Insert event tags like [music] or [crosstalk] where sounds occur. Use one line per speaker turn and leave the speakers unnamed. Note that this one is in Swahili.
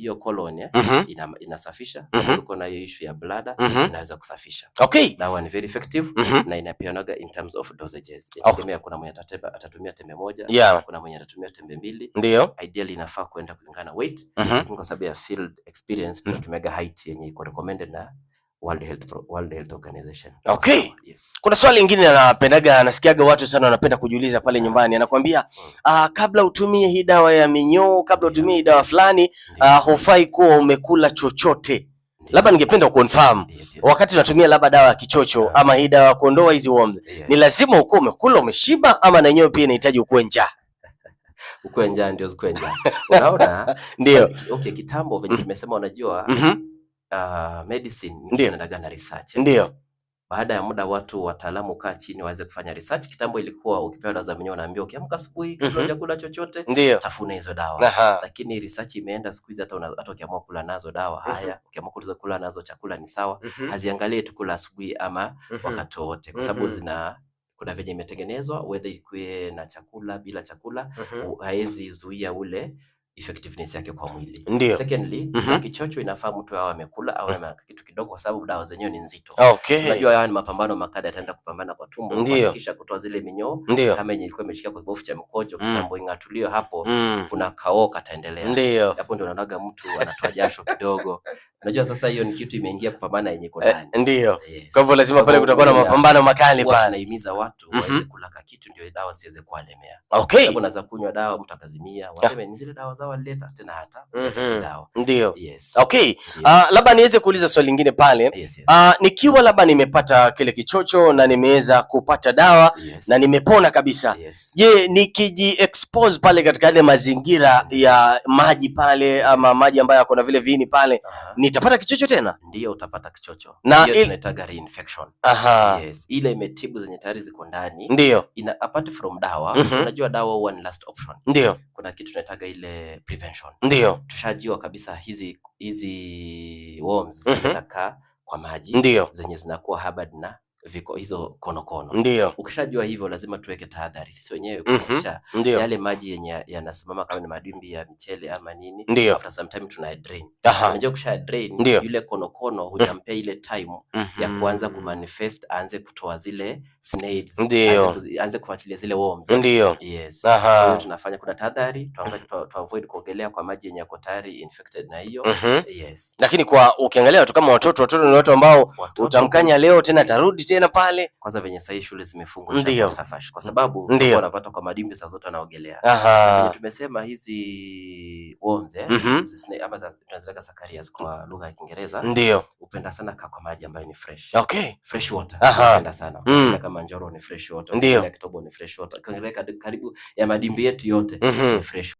hiyo colon eh, mm -hmm. ina, inasafisha mm -hmm. uko na hiyo issue ya bladder mm -hmm. inaweza kusafisha. Okay. Dawa ni very effective mm -hmm. na inapeanaga in terms of dosages. Inategemea okay. kuna mwenye atatumia tembe moja, yeah. kuna mwenye atatumia tembe mbili. Ndio. Ideally inafaa kwenda kulingana weight mm -hmm. kwa sababu ya field experience mm -hmm. tunatumia height yenye iko recommended na World Health World Health Organization.
Okay. So, Yes. Kuna swali lingine anapendaga anasikiaga watu sana wanapenda kujiuliza pale ah. nyumbani, anakwambia uh, mm. ah, kabla utumie hii dawa ya minyoo, kabla utumie hii dawa fulani uh, hufai kuwa umekula chochote labda ningependa kuconfirm wakati unatumia labda dawa ya kichocho yeah, ama hii dawa ya kuondoa hizi worms, yeah, ni lazima ukuwe umekula umeshiba, ama na yenyewe pia inahitaji ukuwe njaa?
[laughs] Ukuwe njaa ndio, ukuwe njaa, [laughs] unaona ndio. Okay, kitambo venye mm. tumesema, unajua mm-hmm uh, medicine ndio research. Ndio. Baada ya muda watu wataalamu kaa chini waweze kufanya research. Kitambo ilikuwa ukipewa dawa za minyoo unaambiwa ukiamka asubuhi kabla mm -hmm. kula chochote tafuna hizo dawa. Aha. Lakini research imeenda siku hizi hata hata ukiamua kula nazo dawa mm -hmm. haya ukiamua kuliza kula nazo chakula ni sawa mm -hmm. haziangalie tu kula asubuhi ama mm -hmm. wakati wote kwa sababu mm -hmm. zina kuna venye imetengenezwa whether ikuwe na chakula bila chakula mm -hmm. haiwezi zuia ule effectiveness yake kwa mwili. Ndiyo. Secondly, mm -hmm. Kichocho inafaa mtu awe amekula au mm. ana kitu kidogo kwa sababu dawa zenyewe ni nzito. Okay. Unajua haya ni mapambano makali, ataenda kupambana kwa tumbo kisha kutoa zile minyoo kama yenye ilikuwa imeshika kwa kibofu cha mkojo mm. Kitambo ing'atulio hapo mm. Kuna kaoo kataendelea. Ndio. Hapo ndio unaonaga mtu anatoa jasho kidogo. Unajua sasa hiyo ni kitu imeingia kupambana yenye iko eh, ndani.
Ndio. Kwa hivyo lazima pale kutakuwa na mapambano makali pale.
Nahimiza watu waweze mhm. kula kitu ndio dawa siweze kuwalemea. Okay. Sababu naweza kunywa dawa mtu akazimia, waseme ni zile dawa zao alileta tena hata mm -hmm. si dawa. Ndio. Yes.
Okay. Uh, labda niweze kuuliza swali lingine pale. Yes, yes. Uh, nikiwa labda nimepata kile kichocho na nimeweza kupata dawa yes. na nimepona kabisa. Je, Yes. Je, nikiji expose pale katika yale mazingira mm -hmm. ya maji pale ama maji ambayo yako na vile viini pale uh -huh. nitapata kichocho tena?
Ndio utapata kichocho. Na ile tunaita reinfection. Aha. Yes. Ile imetibu zenye tayari ziko ndani. Ndio ina apart from dawa mm -hmm. Unajua dawa huwa ni last option, ndio kuna kitu tunaitaga ile prevention, ndio tushajua kabisa hizi hizi worms mm -hmm. kwa maji ndio zenye zinakuwa habad na viko hizo konokono. Ndio. Ukishajua hivyo lazima tuweke tahadhari sisi wenyewe mhm. kuhakikisha mm -hmm. yale maji yenye yanasimama kama ni madimbi ya mchele ama nini, ndio. After some time tuna drain. Unajua kusha drain Ndiyo. yule konokono mm. hujampea ile time mm -hmm. ya mhm. kuanza ku manifest aanze kutoa zile snails, Ndio. aanze kuachilia zile worms. Ndio. Yes. Aha. So tunafanya kuna tahadhari tuangalie tu, tu avoid kuogelea kwa maji yenye yako tayari infected na hiyo. Mm -hmm. Yes.
Lakini kwa ukiangalia watu kama watoto, watoto ni watu ambao utamkanya leo tena tarudi tena pale.
Kwanza venye sahii shule zimefungwa tafashi, kwa sababu wanapata kwa madimbi saa zote
wanaogelea.
Tumesema hizi worms mhm. ama tunazileka Sakarias kwa lugha ya Kiingereza, ndio upenda sana kaa kwa maji ambayo ni fresh. Okay, fresh water upenda sana mm. kama Njoro ni fresh water, ndio Kitobo ni fresh water, karibu ya madimbi yetu yote
mhm. ni fresh